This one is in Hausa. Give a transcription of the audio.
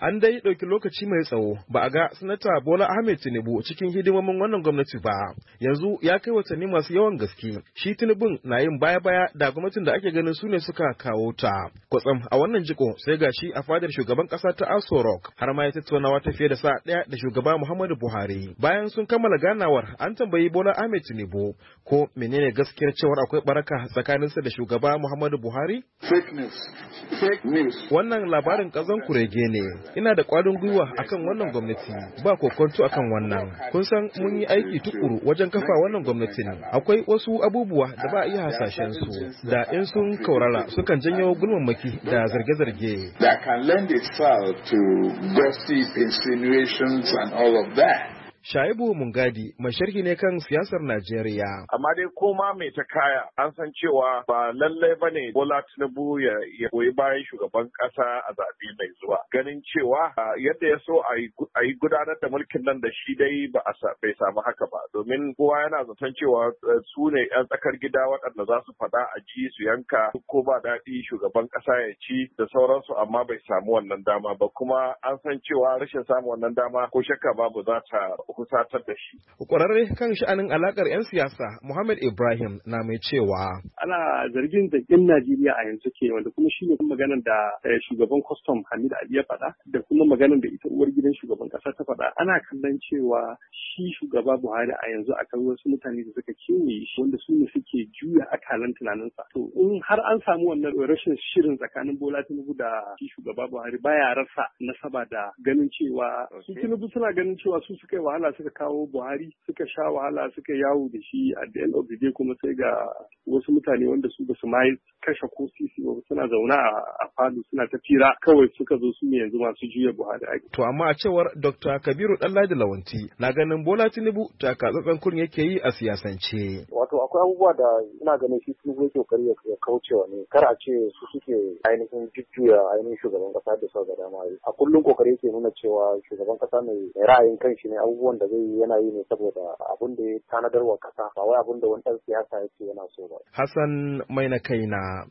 An dai ɗauki lokaci mai tsawo ba a ga sanata Bola Ahmed Tinubu cikin hidimomin wannan gwamnati ba. Yanzu ya kai watanni masu yawan gaske. Shi Tinubun na yin baya-baya da gwamnatin da ake ganin su ne suka kawo ta. Kwatsam a wannan jiko sai ga shi a fadar shugaban ƙasa ta Aso Rock har ma ya tattaunawa ta fiye da sa ɗaya da shugaba Muhammadu Buhari. Bayan sun kammala ganawar an tambayi Bola Ahmed Tinubu ko menene gaskiyar cewar akwai baraka tsakaninsa da shugaba Muhammadu Buhari? Wannan labarin ƙazon kurege ne. ina da kwarin gwiwa akan wannan gwamnati ba kokonto akan wannan kun san mun yi aiki tukuru wajen kafa wannan gwamnati ne akwai wasu abubuwa da ba a iya hasashen su da in sun kaurara sukan janyo gulmamaki da zarge-zarge that can lend itself to gossip insinuations and all of that Shaibu Mungadi mai ne kan siyasar Najeriya. Amma dai koma mai ta kaya an san cewa ba lallai ba ne Bola Tinubu ya goyi bayan shugaban ƙasa a zaɓe mai zuwa. Ganin cewa yadda ya so a yi gudanar da mulkin nan da shi dai ba a bai samu haka ba. Domin kowa yana zaton cewa eh, su ne 'yan tsakar gida waɗanda za su faɗa a ji su yanka ko ba daɗi shugaban ƙasa ya ci da sauransu amma bai samu wannan dama ba kuma an san cewa rashin samun wannan dama ko shakka babu za ta kusatar da shi. Kwararre kan sha'anin alakar 'yan siyasa Muhammad Ibrahim na mai cewa. Ana zargin da Najeriya a yanzu ke wanda kuma shi ne maganar da eh, shugaban kwastam Hamid Ali ya faɗa da kuma maganar da ita uwar gidan shugaban ƙasa ta faɗa ana kallon cewa shi shugaba Buhari a yanzu a kan wasu mutane da suka kewaye shi wanda su ne suke juya akalan tunaninsa. To in har an samu wannan rashin shirin tsakanin Bola Tinubu da shi shugaba Buhari baya rasa nasaba da ganin cewa su Tinubu suna ganin cewa su suka yi wahala suka kawo Buhari suka sha wahala suka yawo da shi a the end of kuma sai ga wasu mutane wanda su basu ma kashe ko sisi ba suna zaune falo suna ta fira kawai suka zo su ne yanzu masu juya buhari ake. to amma a cewar dr kabiru ɗanladi lawanti na ganin bola tinubu takatsatsen kurin yake yi a siyasance. wato akwai abubuwa da ina ganin shi tinubu yake kokari ya kaucewa ne kar a ce su suke ainihin jujjuya ainihin shugaban kasa da sau da dama a kullum kokari yake nuna cewa shugaban kasa mai ra'ayin shi ne abubuwan da zai yi yana yi ne saboda abin da ya tanadarwa kasa ba wai abun da wani ɗan siyasa yake yana so ba. Hassan mai na kaina